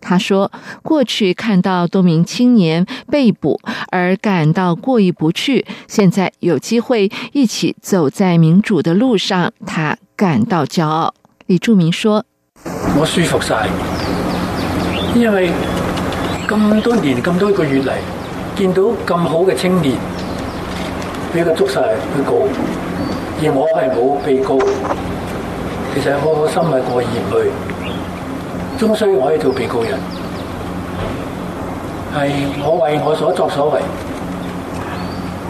他說：“過去看到多名青年被捕而感到過意不去，現在有機會一起走在民主的路上，他感到驕傲。”李柱銘說：“我舒服晒，因為咁多年咁多個月嚟，見到咁好嘅青年俾佢捉晒去告，而我係冇被告，其實我個心係過意唔去。”終須我可以做被告人，係我為我所作所為，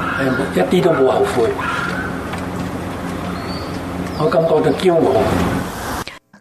係一啲都冇後悔，我感覺到驕傲。